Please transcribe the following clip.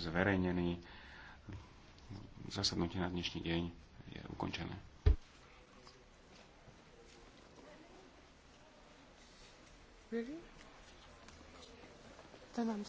zverejnený. Zasadnutie na dnešný deň je ukončené. Really?